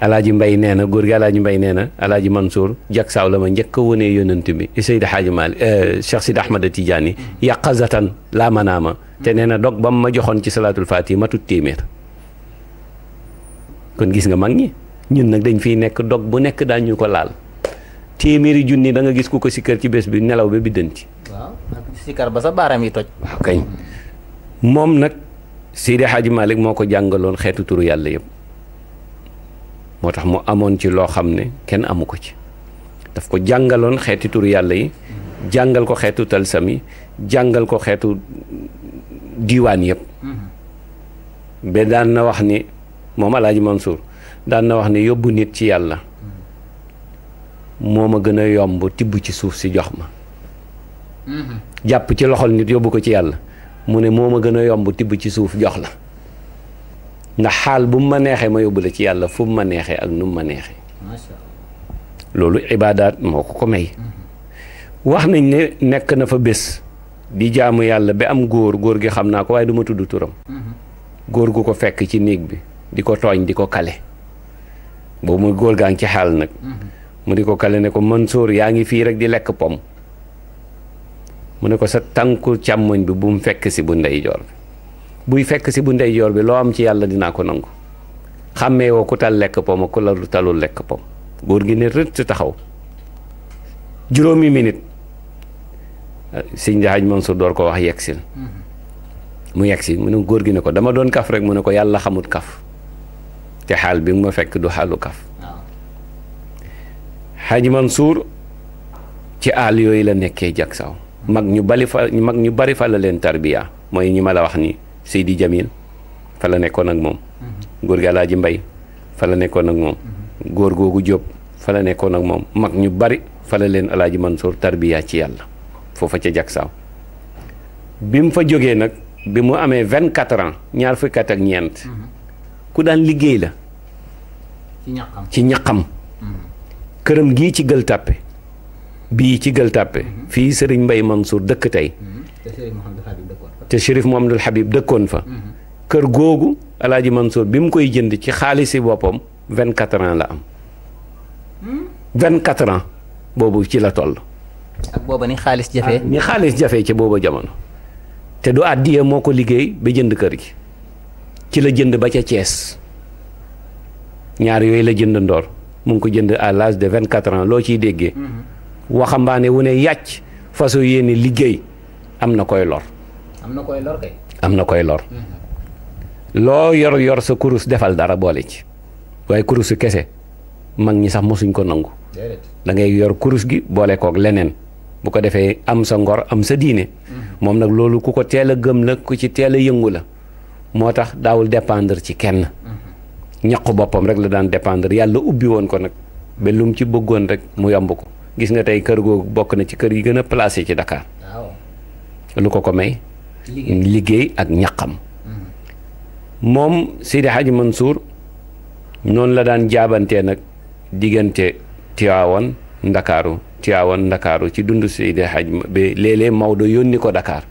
alaaji mbay nee na góor gi alaaji mbay nee na alaaji mansour jak saaw la ma njëkk a wonee yonent bi eh, seydi xaaji maali eh, cheikh sidi ahmada tidiane yàqazatan laa manaama te nee na dog ba mu ma joxoon ci salaatul fatiha matut téeméer kon gis nga mag ñi ñun nag dañ fi nekk dog bu nekk daa ñu ko laal téeméeri junni da gis ku ko si kër ci bés bi nelaw ba biddanti waaw si sa baaraam yi moom nag sii de Hadji Malick moo ko jàngaloon xeetu turu yàlla yëpp moo tax mu amoon ci loo xam ne kenn amu ko ci daf ko jàngaloon xeeti turu yàlla yi jàngal ko xeetu talsam yi jàngal ko xeetu diiwaan yëpp mm-hmm. ba daan na wax ni moom Alaaji Mansour daan na wax ni yóbbu nit ci yàlla moo ma gën a yomb tibb ci suuf si jox ma mm-hmm. jàpp ci loxol nit yóbbu ko ci yàlla mu ne moo ma gën a yomb tibb ci suuf jox la ndax xaal bu mu ma neexee ma yóbbu ci yàlla fu mu ma neexee ak nu mu ma neexee loolu ibaadaat moo ko ko may wax nañ ne nekk na fa bés di jaamu yàlla bi am góor góor gi xam naa ko waaye du ma tudd turam góor gu ko fekk ci néeg bi di ko tooñ di ko kale boobu muy góor gaa ngi ci xaal nag mu di ko kale ne ko Mansour yaa ngi fii rek di lekk pom mu ne ko sa tànku càmmoñ bi bu mu fekk si bu ndeyjoor bi buy fekk si bu ndeyjoor bi loo am ci yàlla dinaa ko nangu xàmmee woo ku tal lekk pom ak ku la talul lekk pom góor gi ne rëtt taxaw juróomi minute sëñ Haj Mansour door ko wax yegg mu yegg si mu ne góor gi ne ko dama doon kaf rek mu ne ko yàlla xamut kaf te xaal bi mu ma fekk du xaalu kaf Haj Mansour ci àll yooyu la nekkee jak saw mag ñu bari fa mag ñu bari fa la leen tarbiya mooy ñi ma la wax ni Seydi Jamil fa la nekkoon ak moom mhm. góor gi Alaaji Mbay fa la nekkoon ak moom mhm. góor googu Jóob fa la nekkoon ak moom mag ñu bari fa la leen Alaaji Mansour tarbiya ci yàlla foofa ca Jaksaaw bi mu fa jógee nag bi mu amee vingt quatre ans ñaar fukki ak ñeent mhm. ku daan liggéey la ci ñaqam këram gi ci gël tàppe bii ci Gueule Tapée mhm. fii Serigne Mbaye Mansour dëkk tey mhm. te Chérif Mouhamadoul Habib dëkkoon fa mhm. kër googu alaaji Mansour bi mu koy jënd ci xaalisi boppam vingt quatre ans la am hmm? vingt quatre boobu ci la toll ak booba ni xaalis jafe ah, ni xaalis jafe ca booba jamono te du àddiya moo ko liggéey ba jënd kër gi ci la jënd ba ca Thiès ñaar yooyu la jënd ndoor mu ngi ko jënd à l'âge de vingt quatre ans loo ciy déggee waxambaane wu ne yàcc faso ne liggéey am na koy lor. am na koy lor na koy lor. Mhm. loo yor yor sa kurus defal dara boole ci waaye kurusu kese mag ñi sax mosuñ ko nangu. da ngay yor kurus gi boole kook leneen. bu ko defee am sa ngor am sa diine. Mhm. moom nag loolu ku ko teel a gëm la ku ci teel a yëngu la. moo tax daawul dépendre ci kenn. Mhm. ñaq boppam rek la daan dépendre yàlla ubbi woon ko nag ba lu mu ci bëggoon rek mu yomb ko. gis nga tey kër googu bokk na ci kër yi gën a placé ci Dakar. lu ko ko may. liggéey ak ñaqam. Mm-hmm. moom Seydi Hadji Mansour noonu la daan jaabante nag diggante Tiwaawan Ndakaaru Tiwaawan Ndakaaru ci dund Seydi Hadji ba léeg-léeg Maodo yónni ko dakaar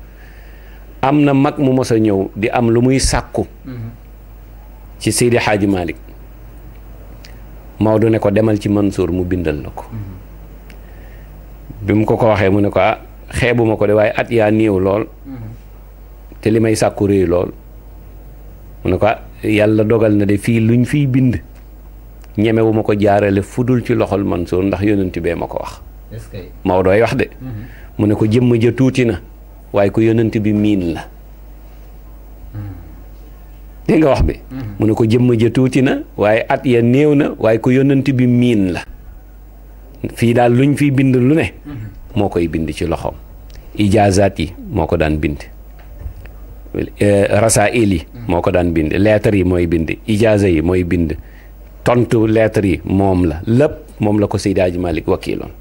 am na mag mu mos a ñëw di am lu muy sàkku mm-hmm. ci Seydi Hadji Malick Maodo ne ko demal ci Mansour mu bindal la ko. Mm-hmm. bi mu ko ko waxee mu ne ko ah xeebuma ko de waaye at yaa néew lool mm-hmm. te li may sàkku réy lool mu ne ko ah yàlla dogal na de fii luñ fiy bind ñemewuma ko jaarale fu dul ci loxol Mansour ndax yonent bee ma ko wax Maodo ay wax de mm-hmm. mu ne ko jëmm ja tuuti na waaye ko yonent bi miin la mm-hmm. dégg nga wax bi ne ko jëmm ja tuuti na waaye at ya néew na waaye ko yonent bi miin la fii daal luñ fi bind lu ne mhm. moo koy bind ci loxoom ijaazaat yi moo ko daan bind eh, rasail yi mhm. moo ko daan bind lettres yi mooy bind ijaaza yi mooy bind tontu lettres yi moom la lépp moom la ko Seydi Hadj Malick wakiiloon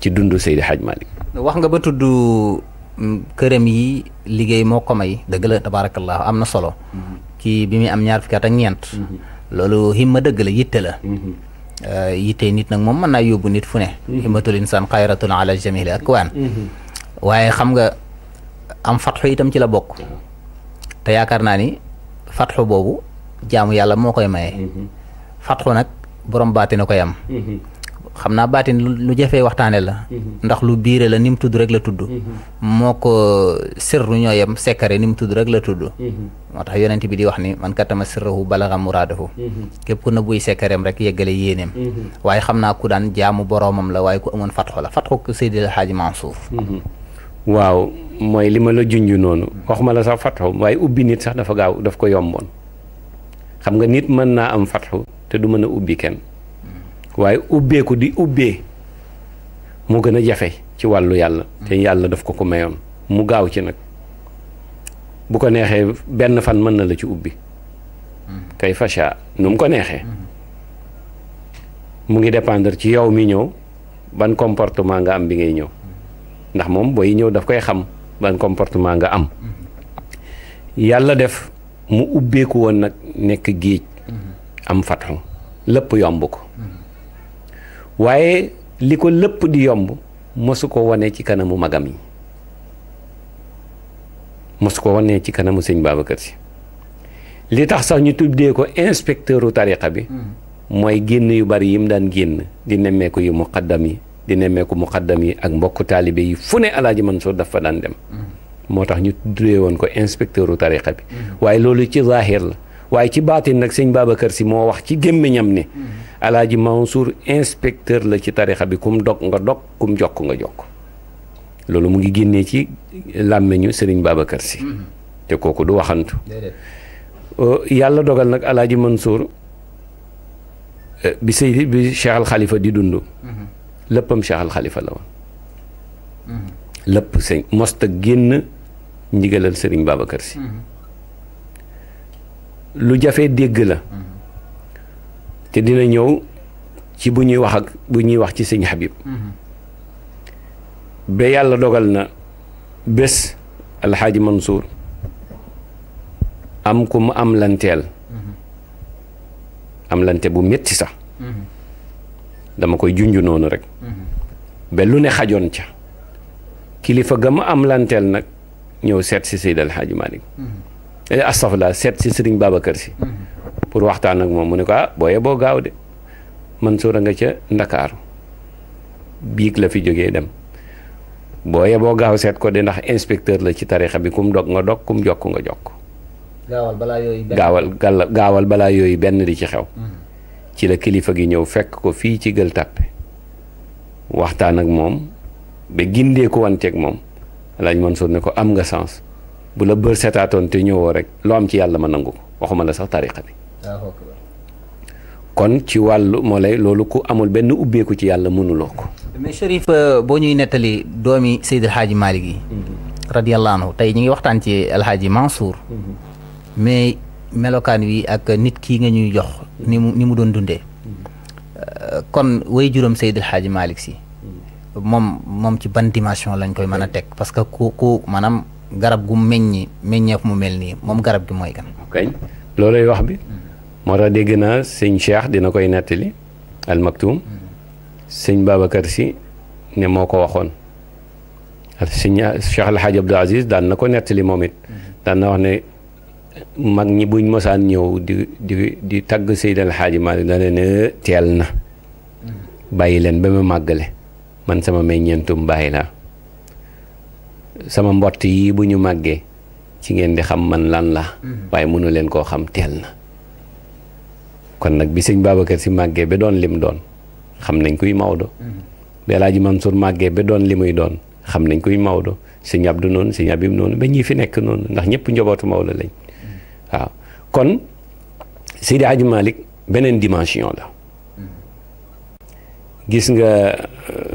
ci dundu Seydi Hadj Malick wax nga ba tudd mm, këram yi liggéey moo ko may dëgg la tabaarakallaahu am na solo mhm. kii bi muy am ñaar fukki at ak loolu himma dëgg la yitte la Euh, yittee nit nag moom mën naa yóbbu nit fu ne mhm. himmatul insaan xayratun ala jamil akwaan mhm. waaye xam nga am fatxu itam ci la bokk te yaakaar naa ni fatxu boobu jaamu yàlla moo koy maye mhm. fatxu nag borom baati na koy am xam naa baatin lu jafee waxtaane la mhm. ndax lu biire la ni mu tudd rek la tudd mhm. moo ko sirru ñoo yem sekkare ni mu tudd rek la tudd mhm. moo tax yonent bi di wax ni man katama sirrahu balaga muraadahu képp ku na buy sekkareem rek yeggale yéeneem waaye xam naa ku daan jaamu boroomam la waaye ku amoon fatxo la fatxo ku Seydi El Hadji Mansour waaw mooy li ma la junj noonu waxuma la sax fatxo waaye ubbi nit sax dafa gaaw daf ko yomboon xam nga nit mën naa am fatxu te du mën a ubbi waaye ubbeeku di ubbee moo gën a jafe ci wàllu yàlla mm. te yàlla daf ko ko mayoon mu gaaw ci nag bu ko neexee benn fan mën na la ci ubbi mm. kay facha nu mu ko neexee mm. mu ngi dépendre ci yow mi ñëw ban comportement nga am bi ngay ñëw ndax moom booy ñëw daf koy xam ban comportement nga am yàlla def mu ubbeeku woon nag nekk géej am fatxu lépp yomb ko waaye li ko lépp di yomb mosu ko wane ci kanamu magam yi mosu ko wane ci kanamu sëñ Babacar Si li tax sax ñu tuddee ko inspecteur u tariqa bi hmm. mooy génn yu bari yi mu daan génn di nemmeeku yu muqaddam yi di nemmeeku muqaddam yi ak mbokku taalibe yi fu ne Alaaji Mansour dafa daan dem hmm. moo tax ñu tuddee woon ko inspecteur u tariqa bi hmm. waaye loolu ci zaahir la waaye ci baatin nag sëñ baaba kër si moo wax ci gémmiñam ne mm-hmm. alaaji Mansour inspecteur la ci tarixa bi kum dog nga dog kum jokk nga jokk loolu mu ngi génnee ci làmmiñu sëriñ Babacar si mm-hmm. te kooku du waxantu yàlla dogal nag alaaji Mansour bi sëy bi Cheikh Al di dund mm-hmm. léppam Cheikh Al la woon lépp sëñ mosta génn njigalal sëriñ Babacar si lu jafe dégg la te dina ñëw ci bu ñuy wax ak bu ñuy wax ci sëñ Habib ba yàlla dogal na bés alxaaji Mansour am ku mu am lanteel am lante bu metti sax dama koy junj noonu rek ba lu ne xajoon ca kilifa ga mu am lanteel nag ñëw seet si Seydi Alxaaji Malick Eh, astafurlah seet ci sëriñ Babacar si. Mhm. pour waxtaan ak moom mu ne ko ah booyee boo gaaw de man suura nga ca ndakaaru biig la fi jógee dem booyee boo gaaw seet ko de ndax inspecteur la ci tarixa bi kum dog nga dog kum jokk nga jokk. gaawal balaa yooyu benn gaawal di ci xew. Mhm. ci la kilifa gi ñëw fekk ko fii ci gël tàppe waxtaan ak moom ba gindee ko wanteeg moom lañ mën soo ne ko am nga sens. bu la bër seetaatoon te ñëwoo rek loo am ci yàlla ma nangu ko waxuma la sax tariqa bi kon ci wàllu moo lay loolu ku amul benn ubbeeku ci yàlla mënuloo ko mais Chérif euh, boo ñuy nettali doomi Seydi Alxaaji Maalik yi mhm. radiyallahu anhu tey ñu ngi waxtaan ci Alxaaji Mansour mhm. mais melokaan wi ak nit kii nga ñuy jox ni mu ni mu doon dundee mhm. euh, kon way juróom Seydi Alxaaji Maalik si moom moom ci ban dimension lañ koy mën a teg parce ku ku maanaam garab gu meññi meññeef mu mel nii moom garab gi mooy kan. ok loolay wax bi. moo tax dégg naa sëñ Cheikh dina koy nettali al maktum sëñ Babacar si ne moo ko waxoon sëñ Cheikh El Hadj Abdou Aziz daan na ko nettali moom it daan na wax ne mag ñi buñ mosaan ñëw di di di tagg Seydi El Hadj Malick da ne teel na bàyyi leen ba ma màggale man sama meññeentum bàyyi laa sama mbott yii bu ñu màggee ci ngeen di xam man lan la mhm. waaye mënu leen koo xam teel na kon nag bi sëñ Babacar si màggee ba doon lim doon xam nañ kuy Maodo mhm. bi Alaaji Mansour màggee ba doon li muy doon xam nañ kuy Maodo sëñ Abdu noonu sëñ Abib noonu ba ñii fi nekk noonu ndax ñëpp njobootu Maodo lañ mhm. waaw kon Seydi Hadji Malick beneen dimension la gis nga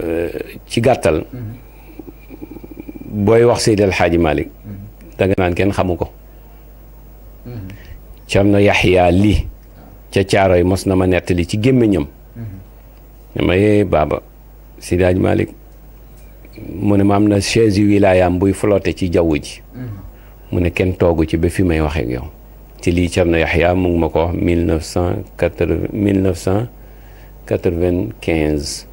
euh, ci gàttal booy wax Seydi El malik Malick naan kenn xamu ko Cerno Yaxya lii ca caaro yi mos na ma nettali ci gémmiñam damay eh, baaba Seydi El Hadji Malick mu ne ma am na chaise yu wilaayaam buy flotté ci jaww ji mu ne kenn toogu ci ba fi may waxee ak yow ci lii Cerno Yaxya mu ngi ma ko wax mille neuf cent quatre mille neuf cent quinze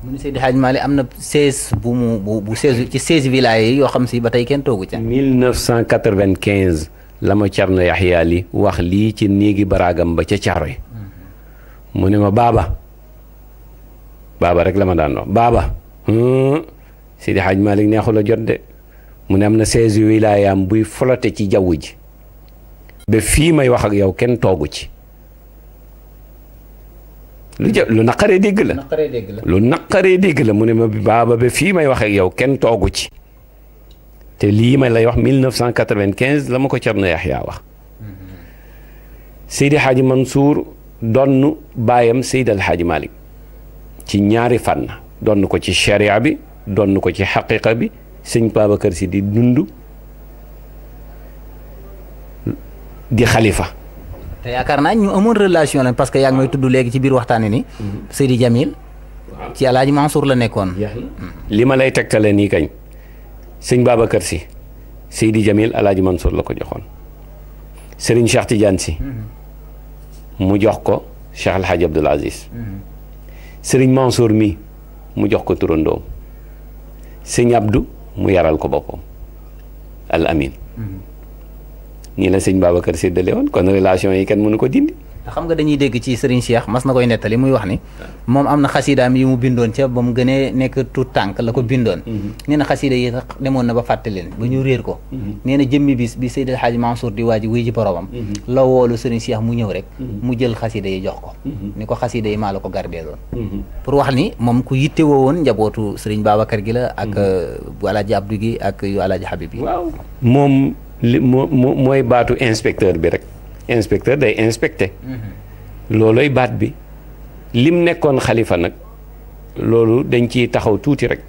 mu ni Seydi Hadj Malick am na seize bu mu bu bu ci seize villages yi yoo xam si ba tey kenn toogu ca. 1995 la ma Thierno Yaxya wax lii ci néegi baraagam ba ca Thiaroye mm-hmm. mu ne ma baaba baaba rek la ma daan wax baaba Seydi Hadj Malick neexul jot de mu ne am na seize wilayaam buy flotte ci jaww ji ba fii may wax ak yow kenn toogu ci. lu jë lu naqaree dégg la lu naqaree dégg la mu ne ma baaba ba fii may wax ak yow kenn toogu ci te lii may lay wax 1995 la ma ko Cerno Yaxya wax Seydi Hadji Mansour donn baayam Seydi El Hadji ci ñaari fànn donn ko ci sharia bi donn ko ci xaqiqa bi sëñ kër Si di dund di xalifa te yaakaar naa ñu amoon relation lañ parce que yaa ngi may tudd léegi ci biir waxtaani ni mm-hmm. Seydi Jamil ci Alaaji Mansour la nekkoon li ma lay tegtale nii kañ sëñ Babacar Si Seydi Jamil Alaaji Mansour la ko joxoon Serigne Cheikh Tidiane Si mm-hmm. mu jox ko Cheikh El Hadj Abdoul Aziz mm-hmm. Serigne Mansour mi mu jox ko turandoom sëñ Abdou mu yaral ko boppam al amin ñii la sëñ Babacar séddale woon kon relation yi ba mu gënee nekk tout tànk la mhm. ba fàtte leen ba ñu réer ko mhm. nee na jëmmi bis bi Seydil Hadji Mansour di waaj wuy ji boromam mhm. la woolu Serigne Cheikh mu ñëw rek mu jël xasiida yi la ko gardeeloon pour wax ni moom ku yitte woo woon njabootu Serigne gi la ak euh, Alaaji Abdou ak yu Habib yi moom li moo moo mooy baatu inspecteur bi rek inspecteur day inspecté mhm. loolooy baat bi lim nekkoon xalifa nag loolu dañ ciy taxaw tuuti rek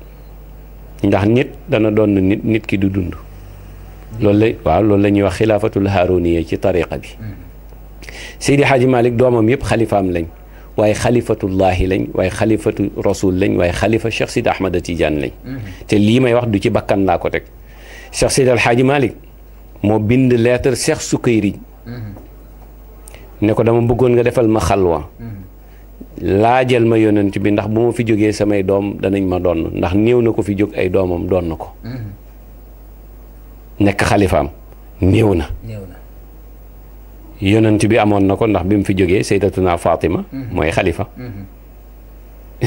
ndax nit dana doon nit nit ki du dund loolu la waaw loolu la ñuy wax xilaafatul haaruniya ci tariqa bi mhm. Seydi Hadji Malick doomam yëpp xalifaam lañ waaye xalifatullahi lañ waaye xalifatu rasul lañ waaye xalifa Cheikh Sidi Ahmad Tidiane lañ mhm. te lii may wax du ci bakkan laa ko teg Cheikh Sidi Alhaaji Malick moo bind lettre Cheikh Sukayri ne ko dama bëggoon nga defal ma xalwa laajal ma yonent bi ndax bu ma fi jógee samay doom danañ ma doon ndax néew na ko fi jóg ay doomam doon na ko nekk xalifaam néew na yonent bi amoon na ko ndax bi mu fi jógee sayyidatuna Fatima mhm. mooy xalifa mhm.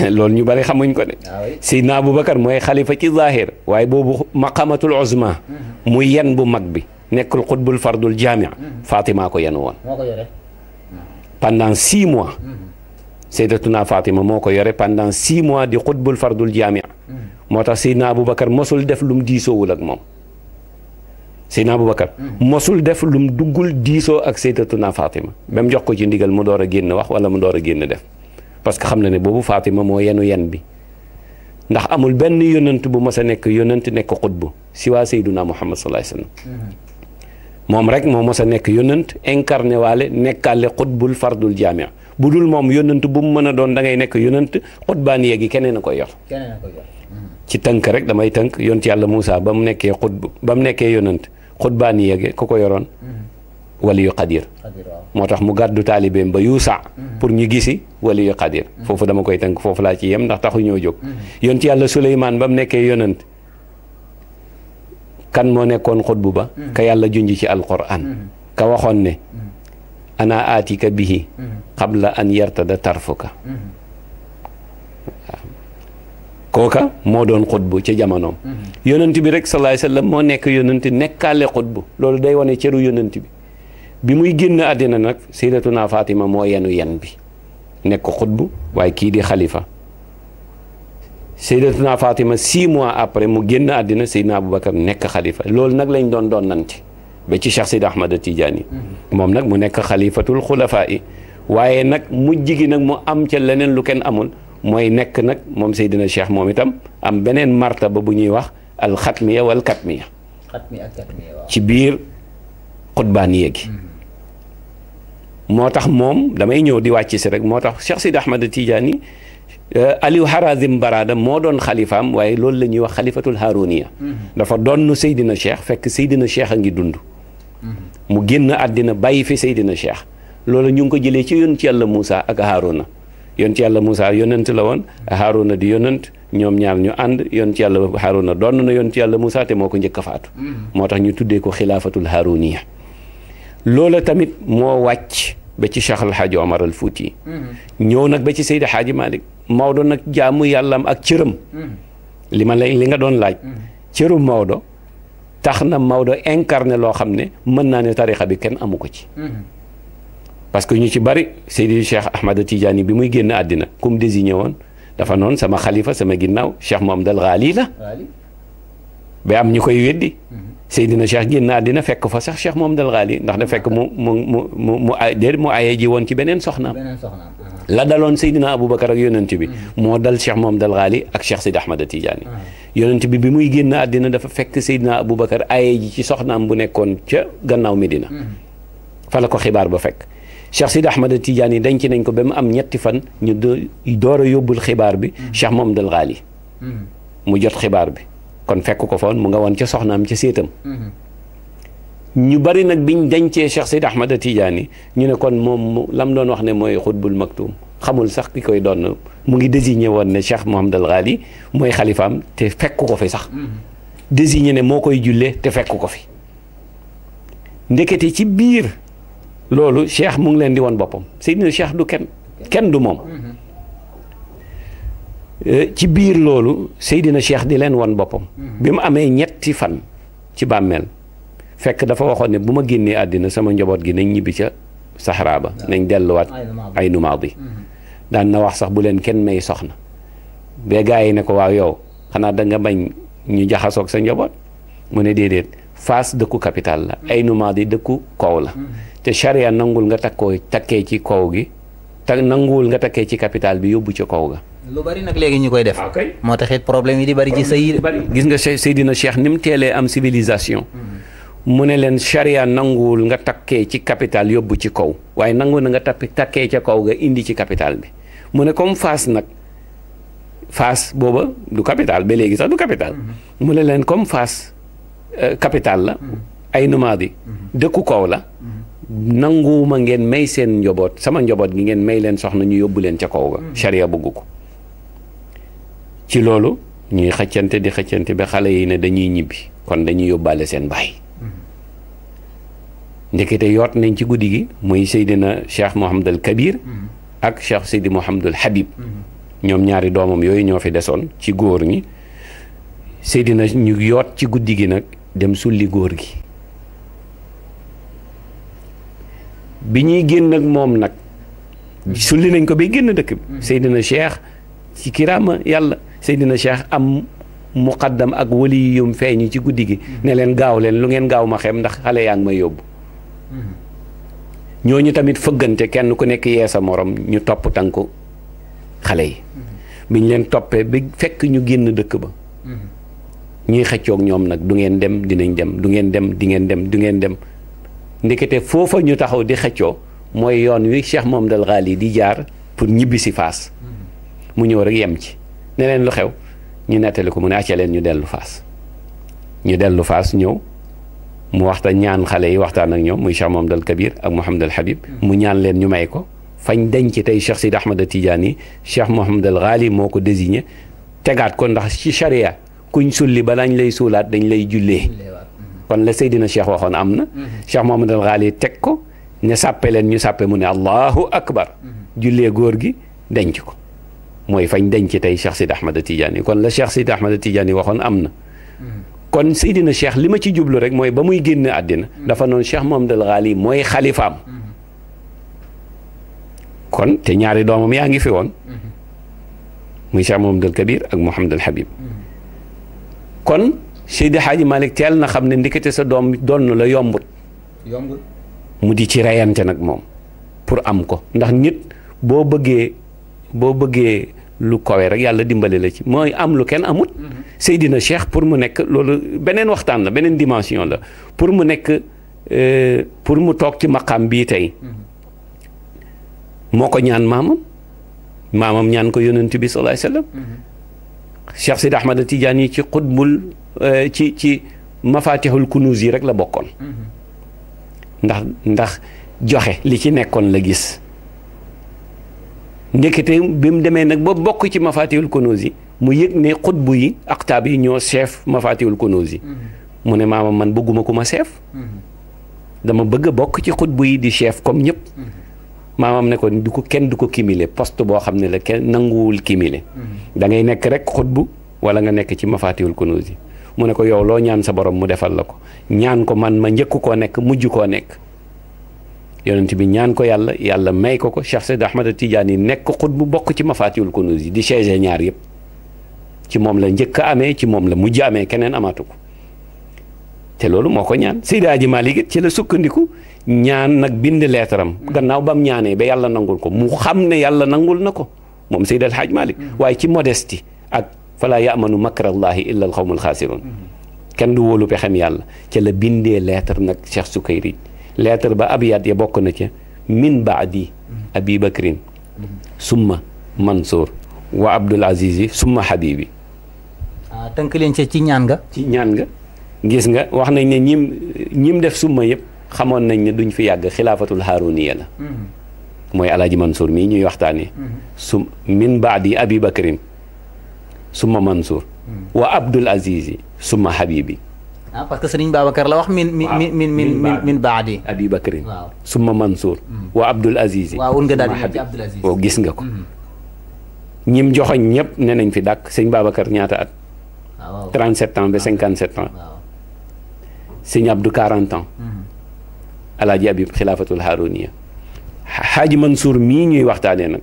loolu ñu bari xamuñ ko de ah Seydina Abubakar mooy xalifa ci zahir waaye boobu maqamatul uzma mhm. mu yen bu mag bi nekkul xutbul fardul jaamia mm-hmm. Fatima ko yenu woon pendant six mois mm-hmm. Seydatuna Fatima moo ko yore pendant six mois di xutbul fardul jaamia mm-hmm. moo tax Seydina Aboubacar mosul def lum diisoowul ak moom Seydina Aboubacar mosul def lum duggul diisoo ak Seydatuna Fatima ba mu jox ko ci ndigal mu door a génn wax wala mu door a génn def parce que xam na ne boobu Fatima moo yenu yen bi ndax amul benn yonent bu mos nekk yonent nekk xutbu si waa Seyduna Muhammad sallallahu alayhi moom rek moo mos a nekk yónnant incarné waale nekkaale xutbul fardul jaamia bu dul moom yónnant bu mu mën a doon da ngay nekk yónnant xutbaan yeeg yi keneen a koy yor. keneen ci tënk rek damay tënk yont yàlla Moussa ba mu nekkee xutb ba mu nekkee yónnant xutbaan yeeg ku ko yoroon. Mm-hmm. waliyu xadir moo tax mu gàddu taalibeem ba yuusa mm-hmm. pour ñu gisi waliyu xadir mm-hmm. foofu dama koy tënk foofu laa ci yem ndax taxu ñoo jóg yont yàlla Suleymaan ba mu nekkee yónnant kan moo nekkoon xutbu ba hmm. ka yàlla junj ci alquran hmm. ka waxoon ne hmm. ana aatika bihi qabla an yartada tarfuka kooka moo doon xutbu ca jamonoom yonent bi rek sallallahu alayhi wasallam moo nekk yonent nekkaale xutbu loolu day wone ceru yonent bi bi muy génn àddina nag sayyidatuna Fatima moo yenu yen bi nekk xutbu waaye kii di xalifa Seydatuna Fatima six mois après mu génn àddina Seydina Aboubacar nekk xalifa loolu nag lañ doon doon nanti ba ci Cheikh Seydi Ahmad Tidiane mhm. moom nag mu nekk xalifatul xulafaa yi waaye nag mu gi nag mu am ca leneen lu kenn amul mooy nekk nag moom Seydina Cheikh moom itam am beneen marta ba bu ñuy wax alxatmiya wal katmiya ci biir xutbaaniya gi mhm. moo tax moom damay ñëw di wàcc si rek moo tax Cheikh Seydi Ahmad Tidiane Euh, Aliou Harazim Barada moo doon xalifaam waaye loolu la ñuy wax xalifatul Haaruniya mm-hmm. dafa doon Seydina Cheikh fekk Seydina Cheikh a ngi dund. Mm-hmm. mu génn àddina bàyyi fi Seydina Cheikh loolu ñu ngi ko jële ci yoon yonent yàlla Moussa ak yoon yonent yàlla Moussa yonent la woon Haaruna di yonent ñoom ñaar ñu ànd yoon yonent yàlla Haaruna doon na yonent yàlla Moussa te moo ko njëkk faatu. Mm-hmm. moo tax ñu tuddee ko xilaafatul Haaruniya loola tamit moo wàcc ba ci Cheikh El Hadj Omar Maodo nag jaamu yàllam ak cëram. li ma lay li nga doon laaj. cëru Maodo tax na Maodo incarné loo xam ne mën naa ne tarixa bi kenn amu ko ci. parce que ñu ci bari Seydi Cheikh Ahmad Tidiane bi muy génn àddina ku mu désigné woon dafa noon sama xalifa sama ginnaaw Cheikh Mohamed Al Ghali la. ba am ñu koy weddi. Seydina Cheikh génn àddina fekk fa sax Cheikh Mohamed Al Ghali ndax da fekk mu mu mu mu ay mu ayee ji woon ci beneen soxnaam. la daloon Seydina Aboubacar ak yonent bi moo dal Cheikh Mohamed Al Ghali ak Cheikh Sidi Ahmad Tidiane yonent bi bi muy génn àddina dafa fekk Seydina Aboubacar aye ji ci soxnaam bu nekkoon ca gannaaw Medina fa la ko xibaar ba fekk Cheikh Sidi Ahmad dañ ci nañ ko ba mu am ñetti fan ñu door a yóbbul xibaar bi Cheikh Mohamed Al Ghali mm-hmm. mu jot xibaar bi kon fekk ko foon mu nga woon ca soxnaam ca séetam mm-hmm. ñu bari nag biñ dencee Cheikh Seyd Ahmad Tidiane ñu ne kon moom lam doon wax ne mooy xutbul maktum xamul sax ki koy doon mu ngi désigné woon ne Cheikh Mohamed Al Ghali mooy xalifaam te fekk ko fi sax mm-hmm. désigné ne moo koy jullee te fekk ko fi ndekete ci biir loolu Cheikh mu ngi leen di woon boppam Seydina Cheikh du kenn kenn du moom mm-hmm. euh, ci biir loolu Seydina Cheikh di leen woon boppam mm-hmm. bi mu amee ñetti fan ci bàmmeel fekk dafa waxoon ne bu ma génnee àddina sama njaboot gi nañ ñibbi ca saxaraa ba nañ delluwaat ay numaadi mhm. daan na wax sax bu leen kenn may soxna ba gaa yi ne ko waa yow xanaa da nga bañ ñu jaxasoog sa njaboot mu ne déedéet Fass dëkku capital la mhm. ay numaadi dëkku kaw la mhm. te charia nanguwul nga takkoo takkee ci kaw gi te nanguwul nga takkee ci capital bi yóbbu ci kaw ga lu bari nag léegi ñu koy def ah, moo taxit problème yi di bari ci sëy gis nga Seydina Cheikh ni mu teelee am civilisation mu ne leen charia nanguwul nga takkee ci capital yóbbu ci kaw waaye nangu na nga tappi takkee ca kaw ga indi ci capital bi mu ne comme Fass nag Fass booba du capital ba léegi sax du capital mu ne leen comme Fass euh, capital la ay nomades bi dëkku kaw la nanguwuma ngeen may seen njoboot sama njoboot gi ngeen may leen soxna ñu yóbbu leen ca kaw ga charia bëgg ko ci loolu ñuy xëccante di xëccante bi xale yi ne dañuy ñibbi kon dañuy yóbbaale seen baay ndekete yoot nañ ci guddi gi muy Seydina Cheikh Mouhamadul Kabir mhm. ak Cheikh Seydi Mouhamadul Habib mhm. ñoom ñaari doomam yooyu ñoo fi desoon ci góor ñi Seydina ñu yoot ci guddi gi nag dem sulli góor gi bi ñuy génn ak moom nag sulli nañ ko bay génn dëkk bi mhm. Seydina Cheikh ci kiraama yàlla Seydina Cheikh am muqaddam ak wali yum feeñu ci guddi gi ne leen gaaw leen lu ngeen gaaw ma xem ndax xale yaa ngi may yóbbu Mm-hmm. ñooñu tamit fëggante kenn ku nekk yee sa moroom ñu topp tànku xale yi. Mm-hmm. biñ leen toppee bi fekk ñu génn dëkk ba. Mm-hmm. ñuy xëccoog ñoom nag du ngeen dem dinañ dem du ngeen dem di ngeen dem du ngeen dem ndekete foofa ñu taxaw di xëccoo mooy yoon wi Cheikh Mohamedal Ghali di jaar pour ñibbisi faas. mu ñëw rek yem ci ne lu xew ñu nettali ko mu ne acca leen ñu dellu faas ñu dellu faas ñëw. mu waxta ñaan xale yi waxtaan ak ñoom muy Cheikh Mohamed al Kabir ak Mohamed al Habib mu ñaan leen ñu may ko fañ denc tey Cheikh Sidi Ahmad Tidiane Cheikh Mohamed al Ghali moo ko désigné tegaat ko ndax ci charia kuñ sulli balaañ lay suulaat dañ lay jullee kon la Seydina Cheikh waxoon am na Cheikh Mohamed al teg ko ne sàppe leen ñu sàppe mu ne allahu akbar jullee góor gi denc ko mooy fañ denc tey Cheikh Sidi Ahmad Tidiane kon la Cheikh Sidi Ahmad Tidiane waxoon am na kon Seydina Cheikh li ma ci jublu rek mooy ba muy génn àddina mm. dafa noonu Cheikh Mouhamadoul Ghali mooy xalifaam mm-hmm. kon te ñaari doomam yaa ngi fi woon mm-hmm. muy Cheikh Mouhamadoul Kabir ak Mouhamadoul Habib mm-hmm. kon Seydi Hadji Malick teel na xam ne ndikete sa doom doon la yombut yombut mu di ci reyante nag moom pour am ko ndax nit boo bëggee boo bëggee lu kawe rek yàlla dimbali la ci mooy am lu kenn amut. Seydina Cheikh pour mu nekk loolu beneen waxtaan la beneen dimension la pour mu nekk euh, pour mu toog ci maqaam bii tey moo ko ñaan maamam maamam ñaan ko yonent bi sallallahu alayhi wasallam Cheikh Sidi Ahmad yi ci xutbul euh, ci ci mafatihul kunuz yi rek la bokkoon. Mm-hmm. ndax ndax joxe li ci nekkoon la gis. ndekete bi mu demee nag ba bokk ci mafatihul konosi mu yëg ne xutbu yi ak taab yi ñoo chef mafatihul konosi mm-hmm. mu ne maama man bëgguma ku ma chef mm-hmm. dama bëgg a bokk ci xutbu yi di chef comme ñëpp mm-hmm. maamam ne ko du ko kenn du ko cumuler poste boo xam ne la kenn nanguwul cumuler da ngay nekk rek xutbu wala nga nekk ci mafatihul konosi mu ne ko yow loo ñaan sa borom mu defal la ko ñaan ko man ma njëkk koo nekk mujj koo nekk yonent bi ñaan ko yàlla yàlla may ko ko Cheikh Seydi Ahmad Tidiane nekk xut bu bokk ci Mafatihul Kunuz yi di chaise ñaar yëpp ci moom la njëkk a amee ci moom la mujj amee keneen amatu ko te loolu moo ko ñaan Seydi Hadji Malick ci la sukkandiku ñaan nag bind leetaram gannaaw ba mu ñaanee ba yàlla nangul ko mu xam ne yàlla nangul na ko moom Seydi El Hadji mm-hmm. waaye ci modestie ak falaa yaamanu makrallahi illa al xawmul xaasiroon mm-hmm. kenn du wóolu pexem yàlla ca la bindee leetar nag Cheikh Soukayri lettre ba abiyat ya bokk na ca min baadi abi bakrin suma mansour wa abdul aziz yi summa habibi ah tënk leen ci ñaan nga ci ñaan gis nga wax nañ ne ñim ñim def summa yëpp xamoon nañ ne duñ fi yàgg xilaafatul haaruniya la mhm. mooy alaaji mansour mii ñuy waxtaanee mhm. sum min baadi abi bakrin suma mansour mhm. wa abdul aziz yi summa ah parce que sëriñ Babacar la wax. min min min min min baadi abi summa Mansour. Mm. wa Abdul Aziz. waaw gis nga ko. Mm-hmm. ñim joxoñ ñëpp ne nañ fi dàkk sëñ Babacar ñaata at. Ah, waaw 37 ans ba 57 ah. ans. sëñ mm-hmm. alaaji Abib xilaafatul Haaruniya. xaaji Mansour mii ñuy waxtaanee nag.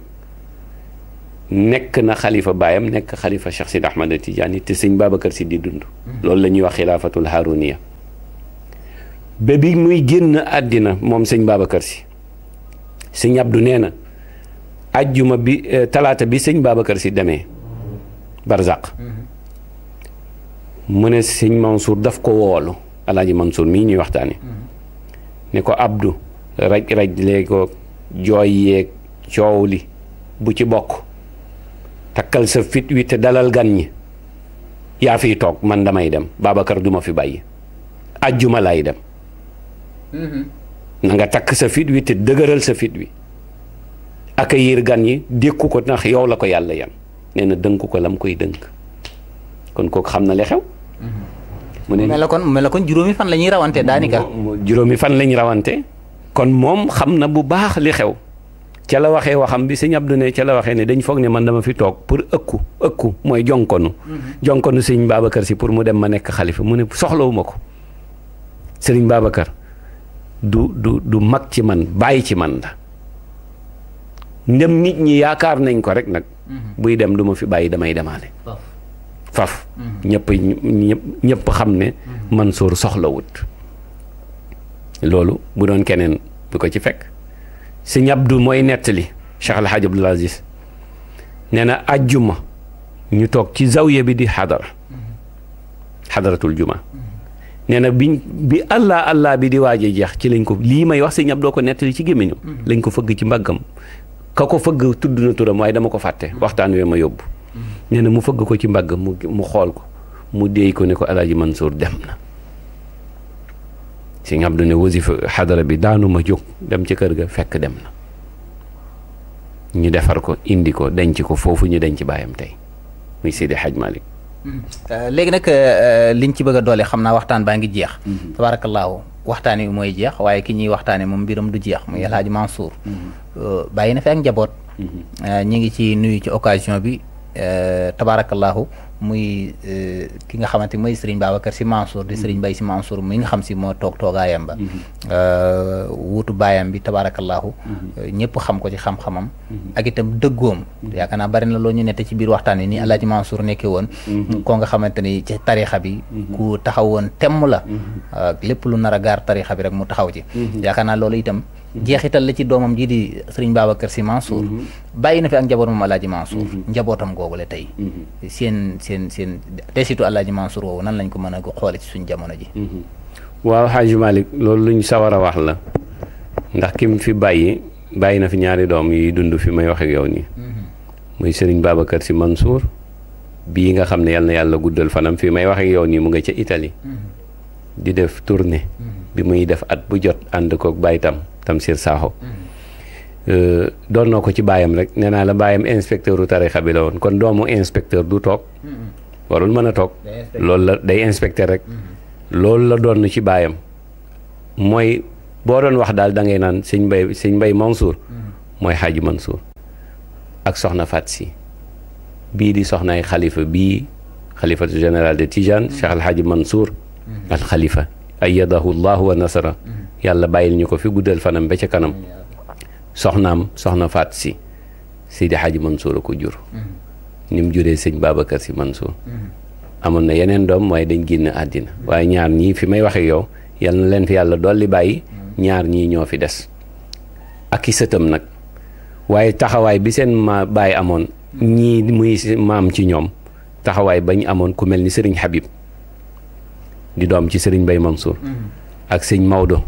nekk na xalifa baayam nekk xalifa Cheikh Sidi Ahmad Tidiane te sëñ Babacar si di dund. loolu la ñuy wax xilaafatul haruniya ba bi muy génn àddina moom sëñ Babacar si sëñ Abdou nee na ajjuma bi eh, talaata bi sëñ Babacar si demee Barzak. mu ne sëñ Mansour daf ko woolu alaaji Mansour mii ñuy waxtaane ne ko abdu raj raj lee ko coow li bu ci bokk. takkal sa fit wi te dalal gan ñi yaa fi toog man damay dem Babacar du ma fi bàyyi ajjuma laay dem mm-hmm. na nga takk sa fit wi te dëgëral sa fit wi accueillir gan yi dékku ko ndax yow la ko yàlla yam nee na dënku ko la mu koy dënk kon kooku xam na li xew mm-hmm. mu ne mel kon mel kon juróomi fan la ñuy rawante daanaka juróomi fan la ñuy rawante kon moom xam na bu baax li xew ca la waxee waxam bi sëñ Abdou ne ca la waxee ne dañ foog ne man dama fi toog pour ëkku ëkku mooy jonkonu mhm. jonkonu sëñ Babacar si pour mu dem ma nekk xalifa mu ne soxlawuma ko sëriñ Babacar du du du mag ci man bàyyi ci man la ndem nit ñi yaakaar nañ ko rek nag mhm. buy dem du ma fi bàyyi damay demaale faf mhm. ñëpp ñëpp xam ne Mansour soxlawut loolu bu doon keneen du ko ci fekk si sëñ du mooy nettali Cheikh El Hadj Abdoul Aziz nee na ajjuma ñu toog ci zawiya bi di xadara xadaratul juma nee na biñ bi allah allah bi di waajee jeex ci lañ ko lii may wax si sëñ doo ko nettali ci gémmiñu lañ ko fëgg ci mbaggam ka ko fëgg tudd na turam waaye dama ko fàtte waxtaan wi ma yóbbu nee na mu fëgg ko ci mbàggam mu mu xool ko mu déey ko ne ko alaaji Mansour dem na sëñ Abdou ne wasifa xadara bi daanuma jóg dem ci kër ga fekk dem na ñu defar ko indi ko denc ko foofu ñu denc baayam tey muy Seydi xaj Malick mm. euh, léegi nag euh, liñ ci bëgg a doole xam naa waxtaan baa ngi jeex mm-hmm. tabaarakallaahu waxtaan wi mooy jeex waaye ki ñuy waxtaane moom mbiram du jeex muy mm-hmm. El Hadj Mansour mm-hmm. euh, bàyyi na fi ak njaboot ñi ngi ci nuyu ci occasion bi Eh, tabaarakallaahu muy eh, ki nga xamante mooy sëriñ Babacar si Mansour di sëriñ Bay si Mansour mi nga xam si moo toog toogaayam ba mhm. eh, wutu baayam bi tabaarakallaahu mhm. ñëpp xam ko ci xam-xamam mhm. ak itam dëggoom yaakaar naa bari na loo ñu nette ci biir waxtaan wi ni Alaaji Mansour nekkee woon ko nga xamante ni ci tarixa bi ku taxaw woon temm la lépp lu nar a gaar tarixa bi rek mu taxaw ci yaakaar naa loolu itam jeexital la ci doomam ji di sëriñ Babacar Sy Mansour mhm. bàyyi na fi ak njabootam Alaaji Mansour mhm. njabootam googu la tey mhm. seen seen seen tesitu Alaaji Mansour woowu nan lañ ko mën a xoole ci suñ jamono ji waaw Xaaji Malick loolu luñ sawar a wax la ndax ki mu fi bàyyi bàyyi na fi ñaari doom yiy dund fi may wax ak yow nii muy sëriñ Babacar Sy Mansour bii nga xam ne yal na yàlla guddal fanam fii may wax ak yow nii mu nga ca itali di def tournée bi muy def at bu jot ànd koog Tamsir Sakho euh, doon na ko ci baayam rek nee naa la baayam inspecteur u tarixa bi la woon kon doomu inspecteur du toog warul mën a toog loolu la day inspecteur rek loolu la doon ci baayam mooy boo doon wax daal dangay naan sëñ mbay sëñ mbay Mansour mooy xaaji Mansour ak soxna Fat si bii di soxnaay xalifa bii xalifatu général de tijan Cheikh alxaaji Mansour alxalifa ayyadahu llahu wa nasara yàlla bàyyil ñu ko fi guddal fanam ba ca kanam soxnaam soxna faat si Seydi Hadji Mansour a ko jur ñum mm-hmm. mu juree sëñ Babacar si Mansour mm-hmm. amoon na yeneen doom waaye dañ génn àddina mm-hmm. waaye ñaar ñii fi may waxe yow yal na leen fi yàlla dolli bàyyi ñaar ñii ñoo fi des ak i sëtam nag waaye taxawaay bi seen ma baay amoon ñii muy maam ci ñoom taxawaay bañ amoon ku mel ni sëriñ Habib di doom ci sëriñ Bay Mansour ak sëñ Maodo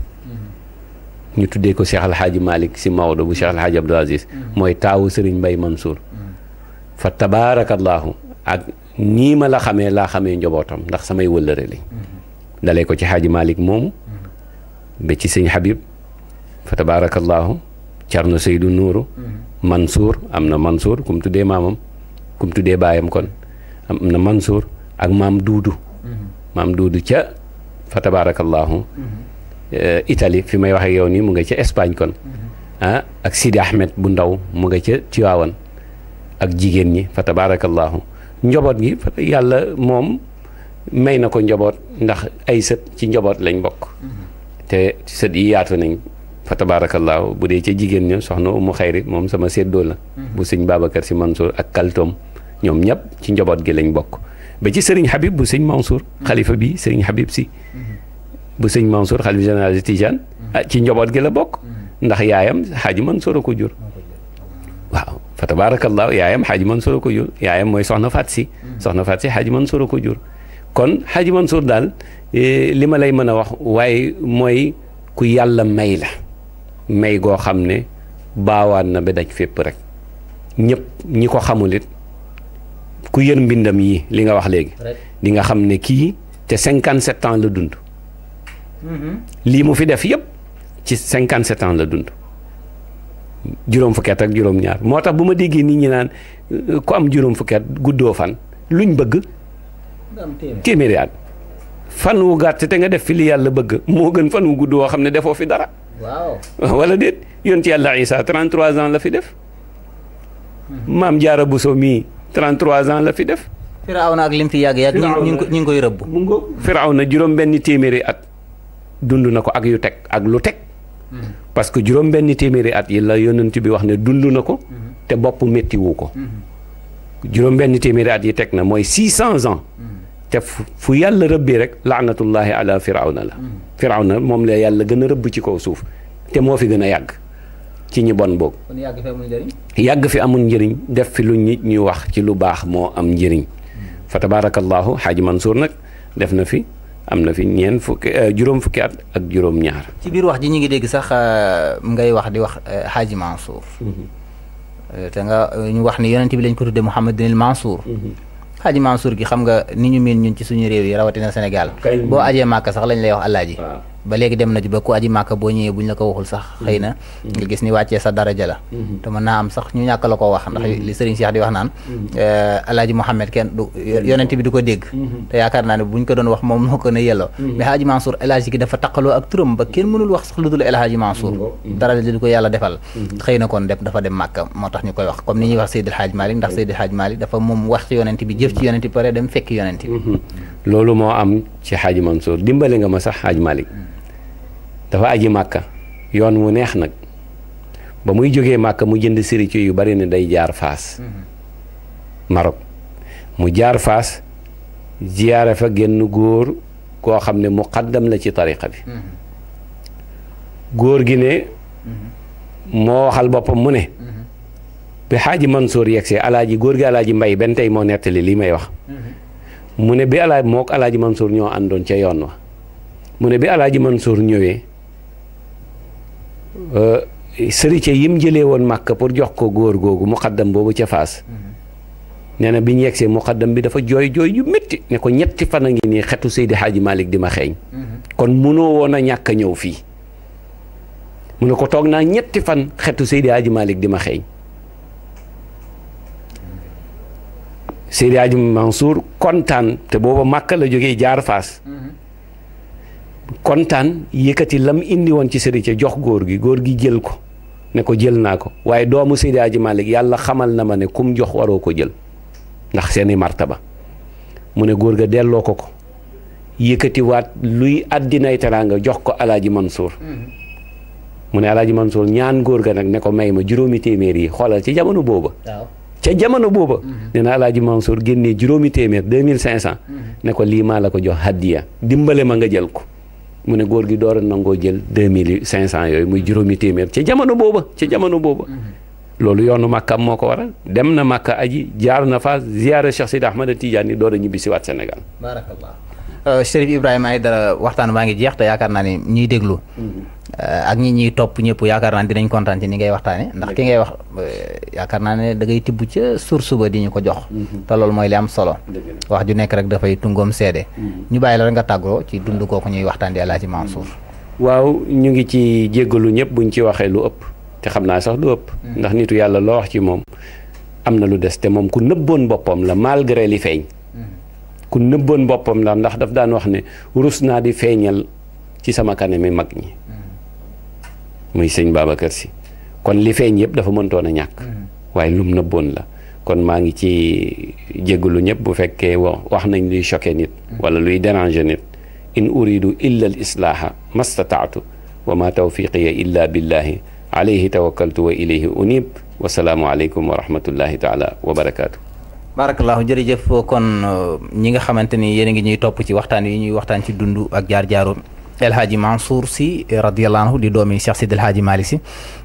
ñu tuddee ko Cheikh Alhaaji Malick si Maodo bu Cheikh Alhaaji Abdou Aziz mm. mooy taawu sëriñ mbay Mansour mm. fa tabaarakallaahu ak nii ma la xamee laa xamee njobootam ndax samay wëllëre lañ mm-hmm. dalee ko ci Xaaji Malick moomu mm-hmm. ba ci sëñ Habib fa tabaarakallaahu Thierno Seydou Nourou mm-hmm. Mansour am na Mansour kum tuddee maamam kum tuddee baayam kon am na Mansour ak maam Duudu maam Duudu ca fa tabaarakallaahu Euh, itali fi may waxee yow nii mu nga ca Espagne kon mm-hmm. ah ak Sidi Ahmed bu ndaw mu nga ca Tiwaawan ak jigéen ñi fa tabaarakallaahu njaboot gi yàlla moom may na ko njaboot ndax ay sët ci njaboot lañ bokk mm-hmm. te sët yi yaatu nañ fa tabaarakallaahu bu dee ca jigéen ñi soxna Umu Xayri moom sama séddoo la mm-hmm. bu sëñ Babacar Si Mansour ak kaltoom ñoom ñëpp ci njaboot gi lañ bokk ba ci sëriñ Habib bu sëñ Mansour xalifa bi sëriñ Habib si bu sëñ Mansour xalifa général de Tijaan mm-hmm. ah, ci njaboot gi la bokk mm-hmm. ndax yaayam xaaji Mansour a ko jur waaw fa tabaarakallaahu yaayam xaaji Mansour a ko jur yaayam mooy soxna Faat Si mm-hmm. soxna Faat Si xaaji Mansour a ko jur kon xaaji Mansour daal eh, li ma lay mën a wax waaye mooy ku yàlla may la may goo xam ne baawaan na ba daj fépp rek ñëpp ñi ko xamulit ku yër mbindam yi li nga wax léegi di nga xam ne kii te cinquante sept ans la dund lii mu fi def yëpp ci cinquante setan la dund juróom fukki at ak juróom ñaar moo tax bu ma déggee nit ñi naan euh, ku am juróom fukki at guddoo fan luñ bëgg téeméeri at fan wu gàtt te nga def fi li yàlla bëgg moo gën fan wu gudd woo xam ne defoo fi dara waaw wala déet yonent yàlla Isa 33 ans la fi def maam Jaara Buso mii 33 ans la fi def Firawna ak lim fi yàgg yàgg ñu ngi koy rëbb mu ngoo Firawna juróom benn téeméeri at dund na ko ak yu teg ak lu teg parce que juróom benn téeméeri at yi la yonent bi wax ne dund na ko te bopp méttiwu ko juróom benn téeméeri at yi teg na mooy six cents ans te fu yàlla rëbbee rek laanatullahi ala firawna la firawna moom la yàlla gën a rëbb ci kaw suuf te moo fi gën a yàgg ci ñi bon boog yàgg fi amul njëriñ def fi lu nit ñuy wax ci lu baax moo am njëriñ fa tabarakallahu xaaji Mansour nag def na fi am na fi ñeen fukki euh, juróom fukki at ak juróom ñaar. ci biir wax ji ñu ngi dégg sax euh, ngay wax di wax euh, Haji Mansour. Mhm. te nga ñu wax ni yonent bi lañ ko tuddee Mouhamadinil Mansour. Mhm. Haji Mansour gi xam nga ni ñu miin ñun ci suñu réew yi rawatina Sénégal. boo ajee Màkka sax lañ lay wax Alaaji. ba léegi dem na ci ba ku aji màkka boo ñëwee buñ la ko waxul sax xëy na mm-hmm. gis ni wàccee sa daraja la mm-hmm. te mën naa am sax ñu ñàkk la ko wax ndax mm-hmm. li sëriñ Cheikh di wax naan eh, alaaji Mouhamed kenn du yonent bi du ko dégg te yaakaar naa bu ñu ko doon wax moom moo ko ne yelloo mais Hadji Mansour elaaji gi dafa taqaloo ak turam ba kenn mënul wax sax lu dul El Hadji Mansour daraja li ko yàlla defal xëy na kon dem dafa dem màkka moo tax ñu koy wax comme ni ñuy wax Seydil Hadji Malick ndax Seydil Hadji Malick dafa moom wax ci yonent bi jëf ci xaaji Mansour dimbali nga ma sax xaaj Malick dafa aji màkka yoon wu neex nag ba muy jógee màkka mu jënd séritie yu bari ne day jaar faas Maroc mu jaar faas ziyaare fa génn góor koo xam ne muqaddam la ci tariqa bi góor gi ne moo waxal boppam mu ne bi xaaji Mansour yegsee alaaji góor gi alaaji mbay benn tey moo nettali li may wax mu ne bi alaaj mook alaaji Mansour ñoo àndoon ca yoon wa mu ne bi alaaji Mansour ñëwee euh, sërice yim jëlee woon màkk pour jox ko góor googu muqaddam boobu ca faas mm-hmm. nee na bi ñu yegsee muqaddam bi dafa jooy jooy yu métti ne ko ñetti fan a ngi nii xetu Seydi Hadji Malick di ma xeeñ mm-hmm. kon munoo woon a ñàkk a ñëw fii mu ne ko toog naa ñetti fan xetu Seydi Hadji Malick di ma xeeñ Seydi Hadji Mansour kontaan te booba màkk la jóge jaar Faas kontaan yëkkati lam indi woon ci sëriñ ca jox góor gi góor gi jël ko ne ko jël naa ko waaye doomu Seydi Hadji yàlla xamal na ma ne kum jox waroo ko jël ndax seeni ba mu ne góor ga delloo ko ko yëkkati waat luy àddinay teraanga jox ko alaaji Mansour mu ne alaaji Mansour ñaan góor ga nag ne ko may ma juróomi téeméer yi xoolal ci jamono booba ca jamono booba nee na alaaji Mansour génnee juróomi téeméer deux mille cinq cent ne ko lii maa la ko jox haddiya dimbale ma nga jël ko mu ne góor gi door a nangoo jël deux mille cinq cent yooyu muy juróomi téeméer ca jamono booba ca jamono booba loolu yoonu màkkam moo ko waral dem na màkka aji jaar na fa ziyaara Cheikh Sidi Ahmad Tidiane door a ñibbi si waat senegal barakallah euh, Chérif Ibrahima Aïdara waxtaan baa ngi jeex te yaakaar naa ne ñuy déglu mm-hmm. Euh, ak ñi ñuy topp ñëpp yaakaar naa dinañ kontaan ci ni ngay waxtaane ndax ki ngay wax euh, yaakaar naa ne dangay ngay tibb ca source ba di ñu ko jox mhm. te loolu mooy li am solo wax ju nekk rek dafay tungoom seede mhm. ñu bàyyi la rek nga tàggoo ci dund kooku ñuy waxtaan di Alaaji Mansour mhm. waaw ñu ngi ci jéggalu ñëpp buñ ci waxee lu ëpp te xam naa sax lu ëpp ndax yàlla loo wax ci moom am na lu des te moom ku nëbboon boppam la malgré li feeñ ku nëbboon boppam la ndax daf daan wax ne rus naa di feeñal ci sama kanami mag ñi muy sëñ Babacar si kon li feeñ yëpp dafa mëntoon a ñàkk mm. waaye lum bon la kon maa ngi ci jéggalu ñëpp bu fekkee wax nañ luy choqué nit mm. wala luy déranger nit in uridu illa al islaaha mastataatu wa ma tawfiqiya illa billahi alayhi tawakkaltu wa ilayhi unib wasalaamu aleykum wa rahmatullahi taala wa barakaatu barakallahu jërëjëf kon uh, ñi nga xamante ni yéen a ngi ñuy topp ci waxtaan yi ñuy waxtaan ci dund ak jaar jaaru El Hadji Mansour si radiyallahu anhu di doomi Cheikh Sidi El Hadji mali si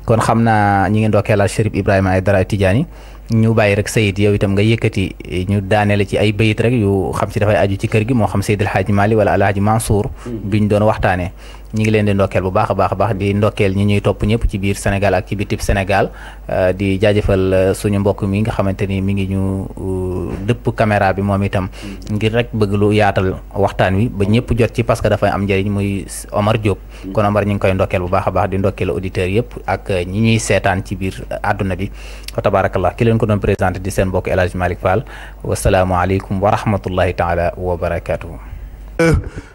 kon xam naa ñi ngi ndokkeelal Chérif Ibrahima Aïdara Tidiane ñu bàyyi rek sayid yow itam nga yëkkati ñu daaneele ci ay bayit rek yu xam si dafay aju ci kër gi moo xam Seydi El Hadji Malick wala El Hadji Mansour hmm. biñ doon waxtaanee ñi ngi leen di ndokkeel bu baax a baax a baax di ndokkeel ñi ñuy topp ñëpp ci biir Sénégal ak ci bitib Sénégal euh, di jaajëfal euh, suñu mbokk mi nga xamante ni mi ngi ñu euh, dëpp caméra bi moom itam ngir rek bëgg lu yaatal waxtaan wi ba ñëpp jot ci parce que dafay am njëriñ muy Omar Diop kon Omar ñu ngi koy ndokkeel bu baax a baax di ndokkeel auditeurs yëpp ak ñi ñuy seetaan ci biir àdduna bi fa tabarakallah ki leen ko doon présenté di seen mbokk El Hadj Malick Fall wasalaamualeykum wa rahmatullahi taala wa barakatuhu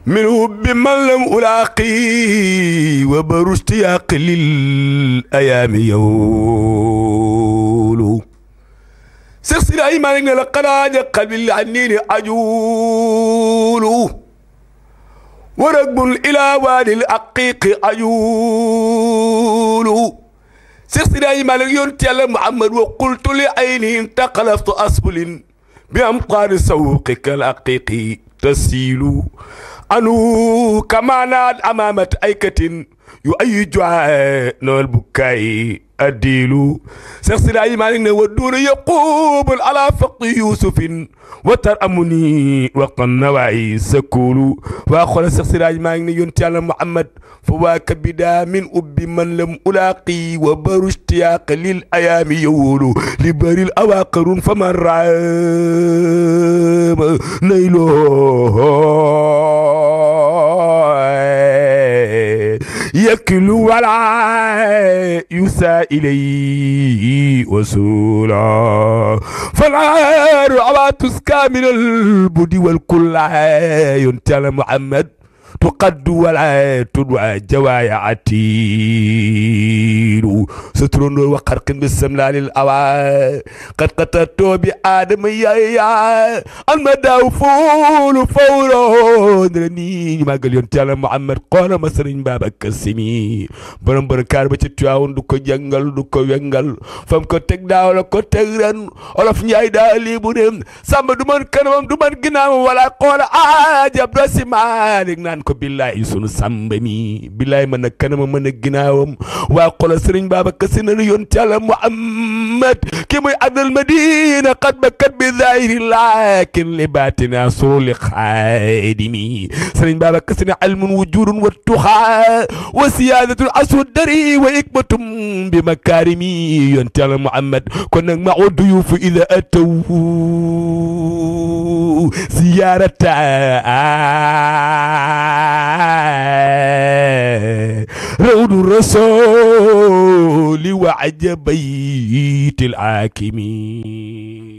من هب من لم ألاقي وبر اشتياق للأيام يولو سيخ سلاحي ما نقل قناة قلب العنين أجول ورقب إلى وادي الأقيق أجول سيخ سلاحي ما نقل يلا محمد وقلت لعيني انتقلت أسبل بأمطار سوقك الأقيقي تسيل أنو كمانات أمامة أيكة يؤيد نول بكاي الديل شيخ سيدي مالك ne والدور يقوب على فق يوسف وترأمني وقنواعي سكول وأخونا شيخ سيدي مالك ne yonent Yàlla Muhammad فواك بدا من أب من لم ألاقي وبر اشتياق للأيام يول لبر الأواقر فمن رام نيله يكل ولا يساء إليه وسولا فالعار عواتسكا من البدي والكل ينتل محمد tuqaddu wala eh, tudwa jawaaya atiiru sa turandoor wa xarqin bi samlaalil awa qad qatartoo bi aadama yaya alma daaw fuulu fawro ne la nii ñu màggal ci Muhammad xoola ma sëriñ Babacar Sy mi borom kaar ba ci Tiwaawoon du ko jàngal du ko wengal fam ko teg daaw la ko teg ren olof Njaay daa lii du man kanamam du man ginnaawam wala xoola ajab do si naan naan ko billaay sunu sàmba mi billaay mën a kanama mën a ginnaawam waa xola sëriñ Babacar Si nanu yoon ci Yàlla Muhammad ki muy adal madina xat bakat bi zahiri laakin li baatina suli xaadimi sëriñ Babacar Si ne almun wujurun wa tuxaa wa siyaadatul asu dari wa ikmatum bi makaarimi yoon ci Yàlla Muhammad kon nag ma duyuufu ida ataw ziyarata روض الرسول وعجب بيت الحاكمين